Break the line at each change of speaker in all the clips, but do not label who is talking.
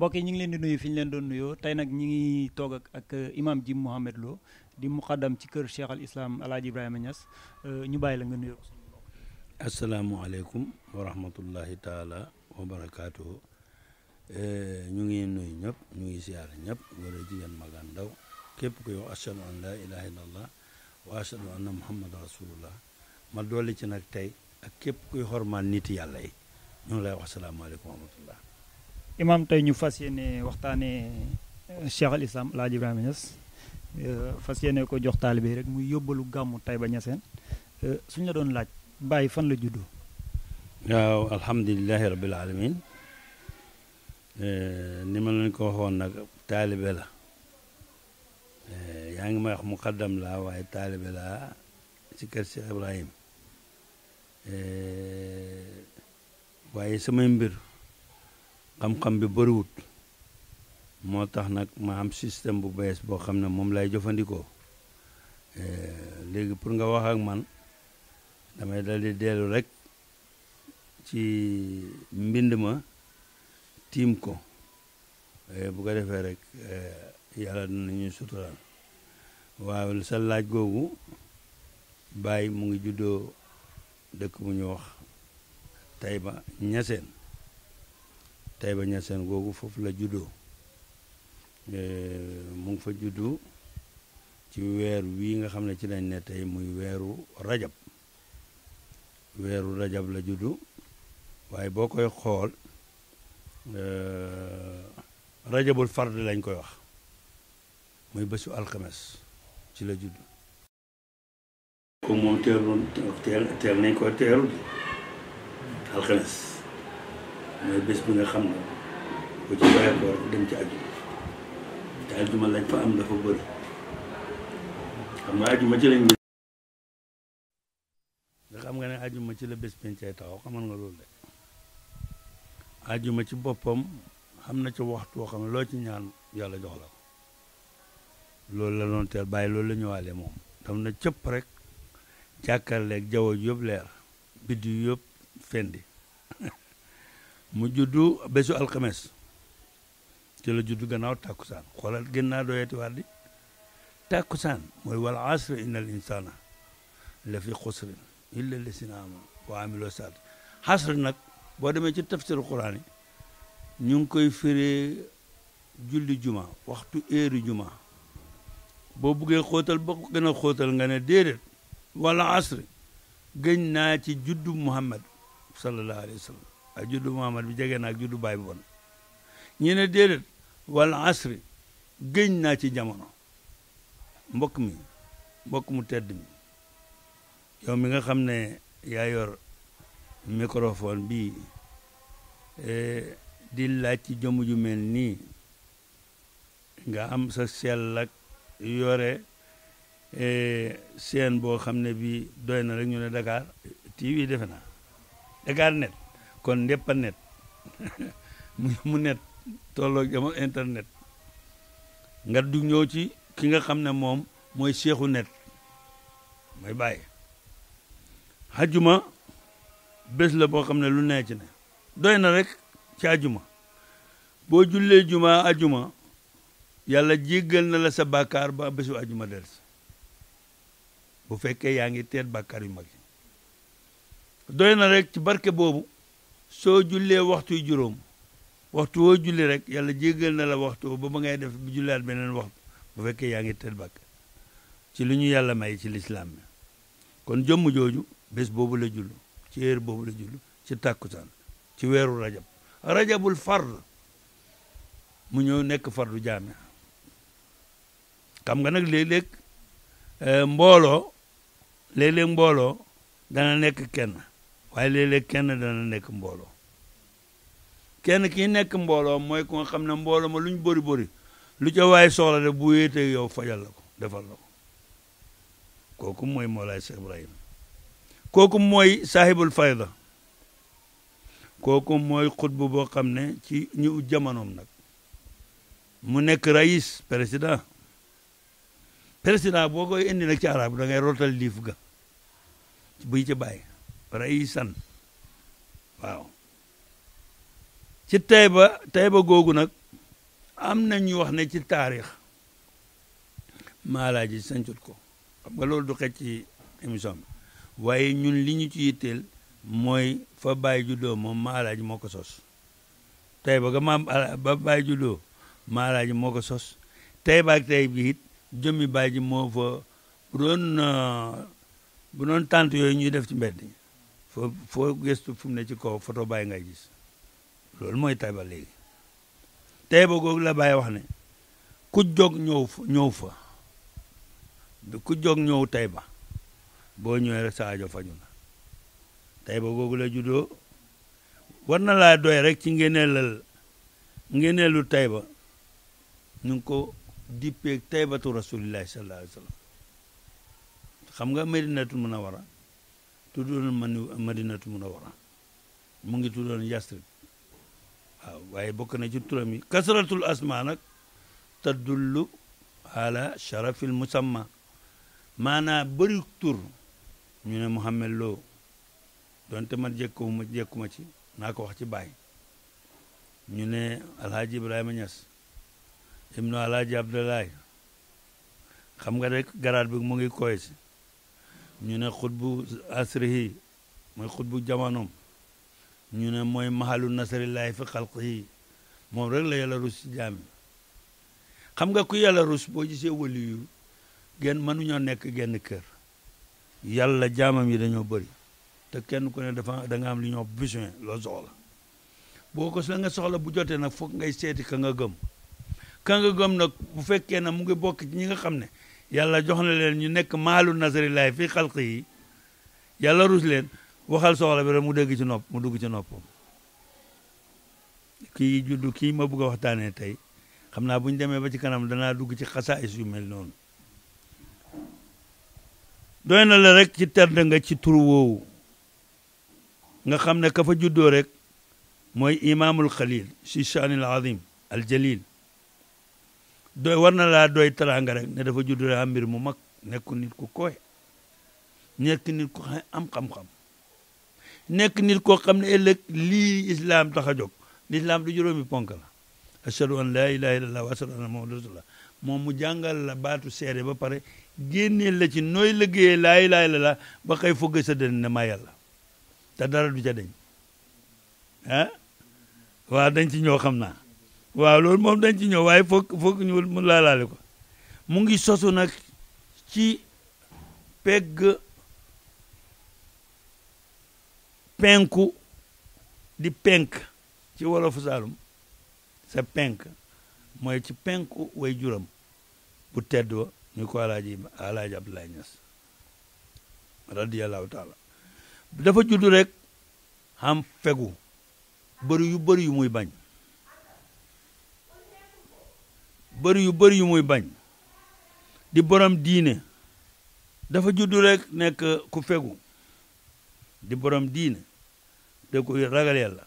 mbokk yi ñu ngi leen di nuyu fi ñu leen doon nuyoo tey nag ñu ngi toog ak ak ji euh, Jim Mouhamed Lo di muqaddam ci kër Cheikh al Islam El Hadj Ibrahima euh, ñu bàyyi la nga nuyoo. asalaamualeykum wa rahmatullahi taala wa euh, ñu ngi nuyu ñëpp ñu ngi siyaara ñëpp góor ak jigéen mag ndaw képp ku yow ashadu an laa ilaha illallah wa ashadu anna muhammad rasulullah ma nag tey ak képp kuy xormaan nit yàlla yi ñu ngi lay wax salaamaaleykum wa rahmatullah imaam tey ñu fas yéene waxtaanee euh, Cheikh al Islam El Hadj euh, fas yéene ko jox taalibe rek mu yóbbalu gàmmu ba Niassène euh, suñ la doon laaj bàyyi fan la juddu. waaw alhamdulilahi rabbil alamin ni ma leen ko waxoon nag taalibe la yaa ngi ma wax muqaddam la waaye taalibe laa si kër Cheikh Ibrahim waaye samay mbir. xam-xam bi bëriwut moo tax nag ma am système bu bees boo xam ne moom laay jëfandikoo eh, léegi pour nga wax ak man damay dal di dellu rek ci mbind ma tiim ko eh, bu ko defee rek eh, yàlla dina ñuy suturaal waaw sa laaj googu Baye mu ngi juddoo dëkk bu ñu wax Taïba Niassène ba ñaseen googu foofu la juddoo eh, mun ngi fa juddu ci weer wii nga xam ne ci lañ ne tey muy weeru rajab weeru rajab la juddu waaye boo koy xool eh, rajabul fard lañ koy wax muy bésu alxames ci la juddu ko moom teeloon teel teel nañ ko teeru alxames mooy bés bi nga xam ne bu ci bàyyi ko dem ci ajuma lañ fa am dafa bëri xam nga ajuma ci nga xam ajuma ci la bés pencay taxaw xamal nga loolu de ajuma ci boppam xam na ci waxtu xam ne loo ci ñaan yàlla jox la ko loolu la doon teel bàyyi loolu la ñëwaale moom tam na cëpp rek jàkkaarleeg jaww ji yëpp leer biddi yëpp fendi mu juddu bésu alxames ci la juddu gannaaw tàkkusaan xoolal gën naa doyati waat di tàkkusaan mooy wala asri innal insana la fi xusrin illa lasina amanu wa amilo saat xasr nag boo demee ci tafsiru quran yi ñu ngi koy firee julli juma waxtu heure juma boo buggee xóotal ba ko gën a nga ne déedéet wala asri gëñ naa ci juddu muhammad sallallahu alayhi wa sallam ak juddu Muhammad bi jege na ak juddu baay bu bon ñu ne déedéet asri gëñ naa ci jamono mbokk mi mbokk mu tedd mi yow mi nga xam ne yaa yor microphone bi e, di laaj ci jëmm ju mel nii nga am sa sell ak yore e, seen boo xam ne bi doy na rek ñu ne Dakar TV defe na Dakar Net kon ndépp a net mu net tolloo jamono internet nga du ñëw ci ki nga xam ne moom mooy seexu net mooy bàyyi ajuma bés la boo xam ne lu nee ci ne doy na rek ci ajuma boo jullee juma ajuma yàlla jéggal na la sa bàkkaar ba bésu ajuma del si bu fekkee yaa ngi teet bàkkaar yu mag yi doy na rek ci barke boobu soo jullee waxtu juróom waxtu woo julli rek yàlla jéggal na la waxtu ba ba ngay def bu julliwaat beneen waxtu bu fekkee yaa ngi tel bakk ci lu ñu yàlla may ci lislaam bi kon jëmm jooju bés boobu la jullu ci heure boobu la jullu ci tàkkusaan ci weeru rajab rajabul fard mu ñëw nekk fardu jaame xam nga nag léeg-léeg eh, mbooloo léeg-léeg mbooloo dana nekk kenn waaye léeg-léeg kenn dana nekk mbooloo kenn ki nekk mbooloo mooy ku nga xam ne mbooloo ma lu ñu bëri bëri lu ca waaye soxla de bu wéetee yow fajal la ko defal la ko kooku mooy Mawlaay Cheikh Ibrahim kooku mooy saahibul fayda kooku mooy xutbu boo xam ne ci ñu jamonoom nag mu nekk rais président président boo ko indi nag ci arab da ngay rotal liif ga buy ci bàyyi raisan waaw ci teeba Tayba googu nag am na ñuy wax ne ci taarix maalaaji sancut ko xam nga loolu du xej ci émission waaye ñun li ñu ci yitteel mooy fa bàyyi juddoo moom maalaaji moo sos Tayba ga maam ba bàyyi juddoo maalaaji moo ko sos Tayba ak gi it jëmmi bàyyi ji moo fa bu doon bu yooyu ñuy def ci mbedd foo foo gëstu fu mu ne ci kaw foto Baye ngay gis loolu mooy Taïba léegi Taïba googu la Baye wax ne ku jóg ñëw fa ku jóg ñëw Taïba boo ñëwee rek sa aajo faju na Taïba googu la juddoo war na laa doy rek ci ngeneelal ngeneelu Taïba ñu ngi ko dippeeg Taïbatu rasulillahi sallallahu alayhi wa sallam xam nga Madinatul Munawwara tuddoon madinatu munawwara mu ngi tuddoon yastrib waaw waaye bokk na ci turam yi kasratul asma nag tadullu ala sharafil musamma maanaa bëri tur ñu ne Mouhamed Lo donte man jekkuma ci naa ko wax ci baay ñu ne alhaaji ibrahima ñas ibnu alhaaji abdoulaye xam nga rek garaat bi mu ngi koy ñu ne bu xutbu asrihi mooy bu jamonoom ñu ne mooy mahalu nasarillahi fi xalqihi moom rek la yàlla rus ci jaami xam nga ku yàlla rus boo gisee wali yu genn mënuñoo nekk genn kër yàlla jaamam yi dañoo bëri te kenn ku ne dafa da nga am li ñoo besoin loo soxla boo ko la nga soxla bu jotee nag foog ngay seeti ka nga gëm ka nga nag bu fekkee na mu ngi bokk ci ñi nga xam ne yàlla jox na leen ñu nekk maalu nasarillahi fi xalqi yi yàlla leen waxal soxla bi mu dégg ci nopp mu dugg ci noppam kii juddu kii ma bëgg a waxtaanee tey xam naa bu ñu demee ba ci kanam danaa dugg ci xasaayis yu mel noonu doy na rek ci tedd nga ci tur woowu nga xam ne ka juddoo rek mooy imaamul xalil si shaanil azim al jalil doy war na laa doy teraanga rek ne dafa judd am mbir mu mag nekk nit ku koy nekk nit ku am xam-xam nekk nit koo xam ne ëllëg lii islam tax a jóg l'islam du juróomi ponk ashadu an laa ilaha illallah wa mu jàngal la baatu seede ba pare génneel la ci nooy liggéeyee laa ilaha illallah ba xëy fogg sa den ma yàlla te dara du ca deñ ah waaw dañ ñoo xam na waaw loolu moom dañ ci ñëw waaye foog foog ñu mu laalaale ko mu ngi sosu nag ci pegg penku di penk ci wolofu Saalum sa penk mooy ci penku way juram bu tedd wa ñu ko alaaji alaaji Abdoulaye Niass radiyallahu taala dafa judd rek xam fegu bëri yu bëri yu muy bañ bëri yu bëri yu muy bañ di borom diine dafa juddu rek nekk ku fegu di borom diine da ko ragal yàlla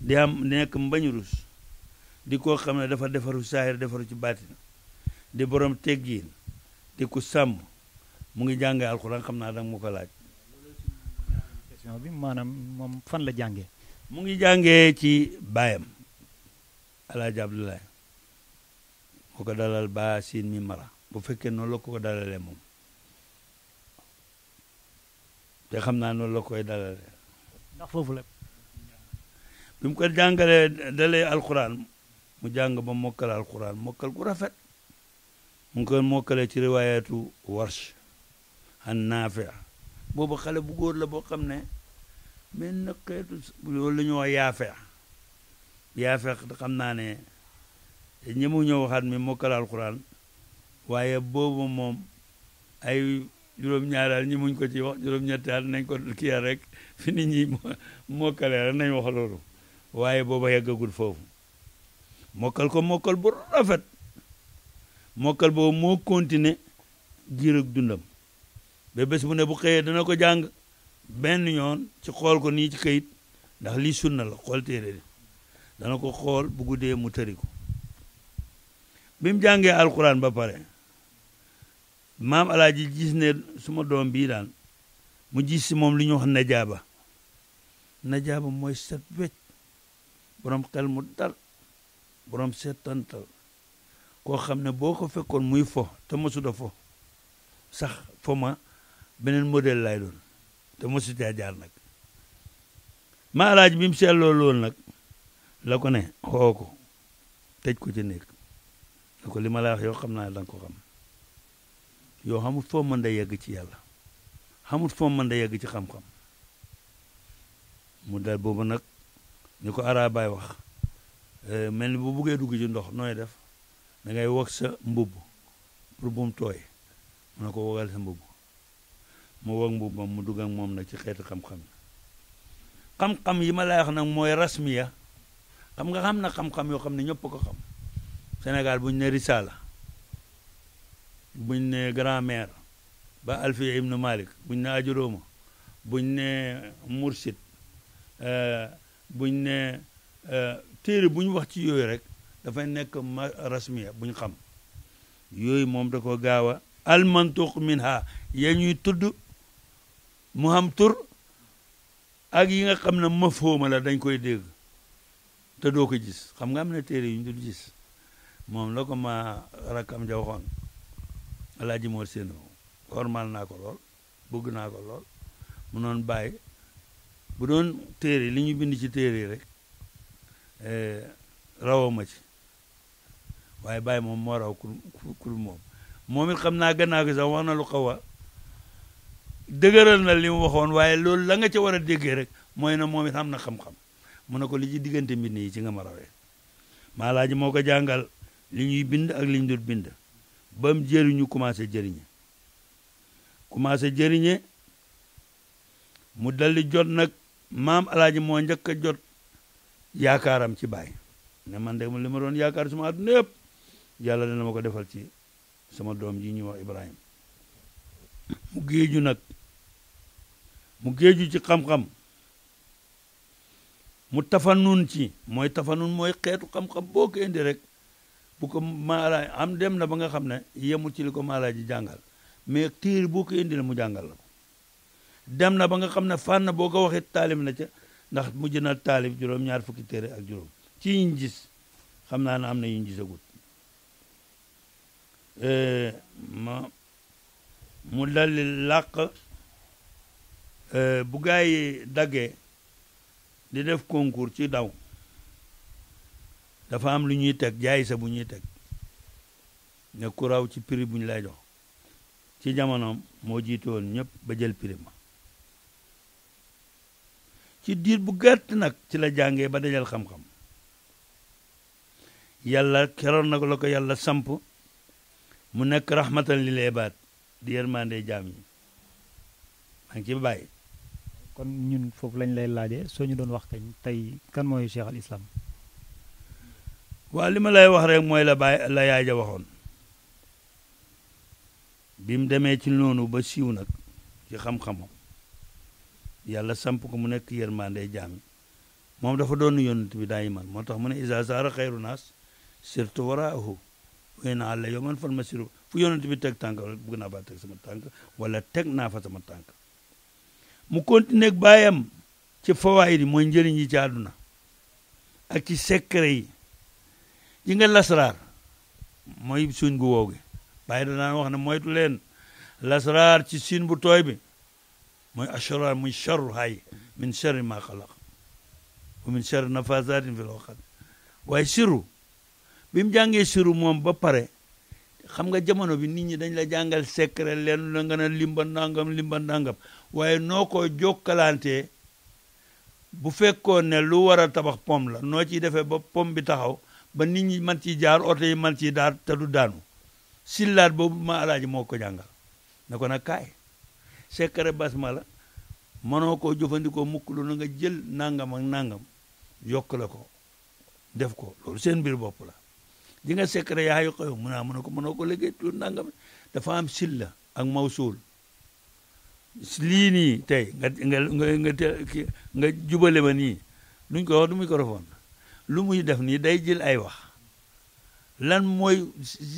di am nekk mbañ rus di koo xam ne dafa defaru saahir defaru ci baatin di borom teggiin di ku sàmm mu ngi jàngee alxuraan xam naa danga mu ko laaj. bi maanaam moom fan la jàngee. mu ngi jàngee ci baayam El Hadj ku ko dalal baa siin mi mara bu fekkee noonu la ko ko dalalee moom te xam naa noonu la koy dalalee la bi mu ko jàngalee dalee alquran mu jàng ba mokkal alquran mokkal gu rafet mu ngi mokkalee ci riwaayatu warsh an naafia boobu xale bu góor la boo xam ne benn xeetu loolu la ñu wax yaafeex yaafeex xam naa ne ñemu ñoo waxaat mi mokkal alquran waaye boobu moom ay juróom-ñaari at ñi muñ ko ci wax juróom-ñetti at nañ ko kii rek fi ni ñi mokkalee rek nañ wax loolu waaye booba yeggagul foofu mokkal ko mokkal bu rafet mokal boobu moo continuer giir ak dundam ba bés bu ne bu xëyee dana ko jàng benn yoon ci xool ko nii ci këyit ndax lii sunna la xool téere dana ko xool bu guddee mu tëri ko bi mu jàngee alxuraan ba pare maam alaaji gis ne suma doom bii daal mu gis si moom li ñu jaaba na najaaba mooy set wecc borom xel mu dal borom setantal koo xam ne boo ko fekkoon muy fo te mosuda fo sax fo ma beneen model lay doon te mosutee jaar nag ma alaaji bi mu seetloo lool nag la ko ne xoo ko ko ci néeg ne ko li ma la yoo xam naa da nga ko xam yoo xamut foo mën da yegg ci yàlla xamut foo mën da yegg ci xam-xam mu dal boobu nag ni ko arabaay wax eh, mel ni bu buggee dugg ci ndox nooy def da ngay wag sa mbubb pour bu mu mu ne ko wagal sa mbubb mu wag mbubb mu dugg ak moom nag ci xeetu xam-xam xam yi ma lay wax nag mooy rasmiya xam nga xam na xam-xam yoo xam ne ñëpp ko xam Sénégal buñ ne Risaala buñ ne grand-mère ba Alfiya ibnu Malik buñ ne ajuróoma buñ ne Mursid euh, buñ ne euh, téere buñ ñu wax ci yooyu rek dafay nekk ma rasmiya bu xam yooyu moom da ko gaaw a almantuq minha ya ñuy tudd mu xam tur ak yi nga xam ne mafhuma la dañ koy dégg te doo ko gis xam nga am na téere yu ñu dul moom la ko ma rakkam ja waxoon alaaji moo séen ormal naa ko lool bëgg naa ko lool mu noon bàyyi bu doon téere li ñu bind ci téere rek eh, rawo ma ci waaye baay moom moo raw ku moom moom it xam naa gannaaw gi sax wax na lu xaw a dëgëral na li waxoon waaye loolu la nga ca war a déggee rek mooy na moom it am na xam-xam mu ne ko li ci diggante mbind yi ci nga ma rawee maalaaji moo ko jàngal li ñuy bind ak li ñu dul bind ba mu jëriñu commencé jëriñe commencé jëriñe mu daldi jot nag maam alaaji moo njëkk a jot yaakaaram ci baay ne man de li ma doon yaakaar suma àdduna yëpp yàlla na ma ko defal ci sama doom ji ñuy wax Ibrahima mu géeju nag mu géeju ci xam-xam mu tafanun ci mooy tafanun mooy xeetu xam-xam boo ko rek bu ko maala am dem na ba nga xam ne yemul ci li ko maala ji jàngal mais téere boo ko indil mu jàngal la ko dem na ba nga xam ne fànn boo ko waxee taalif na ca ndax mujj na taalif juróom-ñaar fukki téere ak juróom ci yiñ gis xam naa ne am na yiñ gisagut euh, ma mu dalli làq euh, bu gaa yi daggee di def concours ci daw dafa am lu ñuy teg jaay bu ñuy teg ne ku raw ci prix bu ñu lay jox ci jamonoom moo jiitu woon ñëpp ba jël prix ma ci diir bu gàtt nag ci la jàngee ba dajal xam-xam yàlla keroon nag la ko yàlla samp mu nekk rahmatan lil ibaad di yërmande jaam yi maa ngi ci bàyyi kon ñun foofu lañ lay laajee soo ñu doon wax kañ tey kan mooy cheikh al
waaw li ma lay wax rek mooy la baay la yaay
ja waxoon bi mu demee ci noonu ba siiw nag ci xam-xamam yàlla samp ko mu nekk yërmande jaami moom dafa doon yonent bi daa iman moo tax mu ne isa saara xayru naas surtout waraahu wéy naa la yow man fan ma siru fu yonent bi teg tànk bëgg naa ba teg sama tànk wala teg naa fa sama tànk mu continuer ak baayam ci fawaayid yi mooy njëriñ yi ci àdduna ak ci secret yi yi nga lasraar mooy suñ gu wow gi bàyyi danaan wax ne moytu leen lasraar ci siin bu tooy bi mooy asraar muy charru hay min charri ma xalaq wa min charri nafasatin fi loxat waaye siru bi mu jàngee siru moom ba pare xam nga jamono bi nit ñi dañ la jàngal secret leen la nga ne limba ndàngam limba ndàngam waaye noo ko jokkalantee bu fekkoon ne lu war a tabax pom la noo ciy defee ba pom bi taxaw ba nit ñi man ciy jaar oto yi man ciy daar te du daanu sillaat boobu ma alaaji moo ko jàngal ne ko nag kaay secret basma la mënoo koo jëfandikoo mukk lu nga jël nangam ak nangam yokk ko def ko loolu seen mbir bopp la di nga secret yaa yokk yow mën naa ko mënoo ko liggéey lu nangam dafa am silla ak mawsuul lii nii tey nga nga nga jubale ma nii nuñ ko wax du microphone lu muy def nii day jël ay wax lan mooy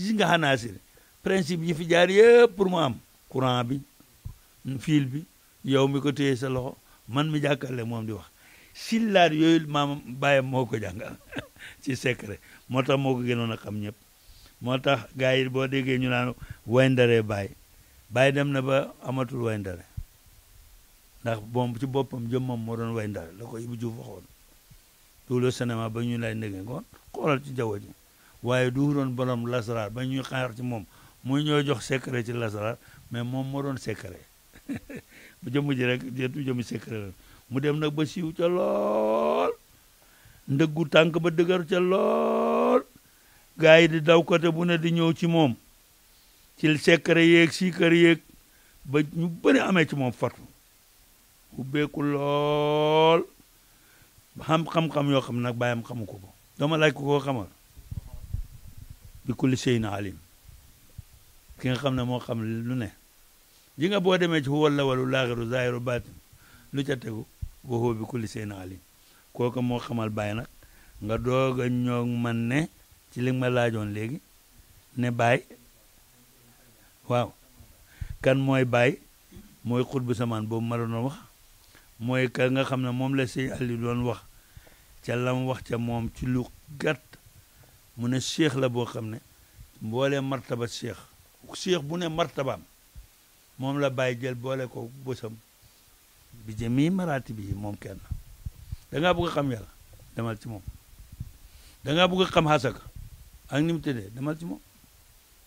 si nga xanaa si principe yi fi jaar yëpp pour mu am courant bi fil bi yow mi ko téye sa loxo man mi jàkkaarle moom di wax sillaar yooyu maam bàyyam moo ko jàngal si secret moo tax moo ko gënoon a xam ñëpp moo tax gars yi boo déggee ñu naan wayndare bàyyi bàyyi dem na ba amatul wayndare ndax moom ci boppam jëmmam moo doon wayndare la ko bu Diouf waxoon loolu cinéma ba ñu lay ndege ko xoolal ci jaww ji waaye du doon borom lasaraar ba ñuy xaar ci moom muy ñoo jox secret ci lasaraar mais moom moo doon secret bu jëmm ji rek du mu dem nag ba siiw ca lool ndëggu tànk ba dëgër ca lool gars yi di daw côté bu ne di ñëw ci moom cil secret yeeg siikar yeeg ba ñu bëri amee ci moom fatu ubbeeku lool xam xam-xam yoo xam nag baayam xamu ko ko dama laaj ko koo xamal bi kulli shay'in alim ki nga xam ne moo xam lu ne ji nga boo demee ci huwa lawalul laaxiru zaahiru baatin lu ca tegu wa huwa bi kulli shay'in alim kooku moo xamal baay nag nga doog a ñoog man ne ci li ma laajoon léegi ne baay waaw kan mooy baay mooy xut bi samaan boobu ma doon wax mooy ka nga xam ne moom la sëñ Aliou doon wax ca lam wax ca moom ci lu gàtt mu ne cheikh la boo xam ne mboolee martaba cheikh cheikh bu ne martabaam moom la bàyyi jël boole ko bésam bi mi maraati bi moom kenn da bëgg a xam yàlla demal ci moom da ngaa bëgg a xam xasaka ak ni mu tëddee demal ci moom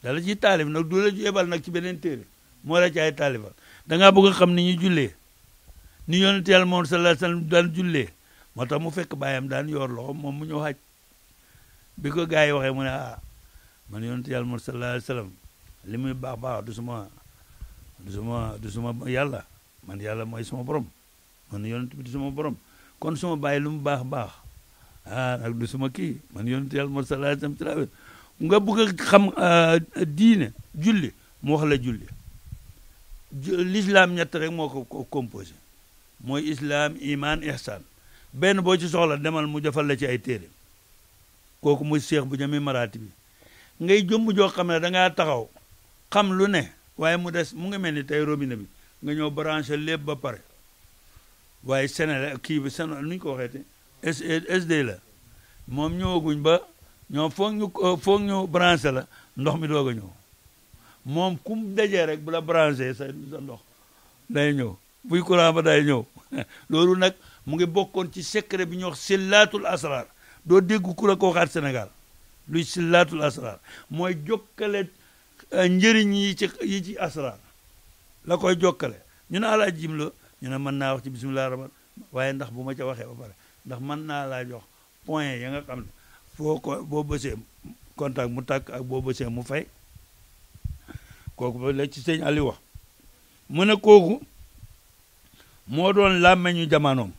dala ci taalif nag du la ju ebal nag ci beneen téere moo la ci ay taalifal da ngaa bëgg xam ni ñu jullee ni yonent yàlla moom sallallahu alayhi wasallam daan jullee moo tax mu fekk baayam daan yor loxo moom mu ñëw xaj bi ko gars yi waxee mu ne ah man yonent yàlla moom sallallahu alayhi wasallam li muy baax baax du suma du du suma yàlla man yàlla mooy suma borom man yonent bi du suma borom kon suma bàyyi lu mu baax baax ah nag suma kii man yonent yàlla moom sallallahu alayhi wasallam travers nga bëgg a xam ah, diine julli mu wax la julli l'islam ñett rek moo ko mooy islaam imaan ihsan benn boo ci soxla demal mu defal la ci ay téere kooku muy seex bu jami maraati bi ngay jëmm joo xam ne dangaa taxaw xam lu ne waaye mu des mu nga mel ni tey robinet bi nga ñëw branché lépp ba pare waaye sene kii bi Sénégal nu ko waxeete SD la moom ñëwaguñ ba ñoom foog ñu foog la ndox mi doog a ñëw moom kum dajee rek bu la branché sa ndox day ñëw buy courant ba day ñëw loolu nag mu ngi bokkoon ci secret bi ñuy wax sillaatul asrar doo dégg ku la ko waxaat Sénégal luy sillaatul asrar mooy jokkale euh, njëriñ yi ci ci asrar la koy jokkale ñu ne alaa jim la ñu ne mën naa wax ci bisimilah rahman waaye ndax bu ma ca waxee ba pare ndax mën naa laa jox point ya nga xam ne foo ko boo bësee contact mu tàkk ak boo bësee mu fay kooku ba la ci sëñ Aliou wax mu ne kooku moo doon làmmeñu jamanoom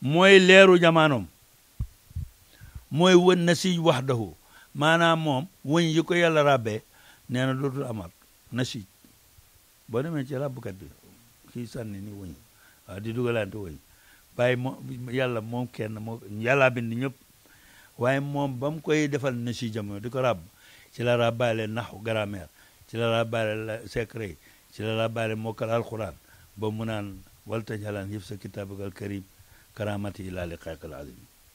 mooy leeru jamanoom mooy wën na siij wax dahu maanaam moom wëñ yi ko yàlla ràbbee nee na dootul amaat na siij boo demee ci ràbbkat bi ki sànni ni wëñ waaw di dugalante wëñ waaye moom yàlla moom kenn moo yàllaa bind ñëpp waaye moom ba mu koy defal na si jamono di ko ràbb ci la ràbbaale naxu grammaire ci la ràbbaale secret ci la làbbaale mokkal alquran ba mu naan wal tajalaan yëf sa kitaabakal karim karamati ilaa liqaakal azim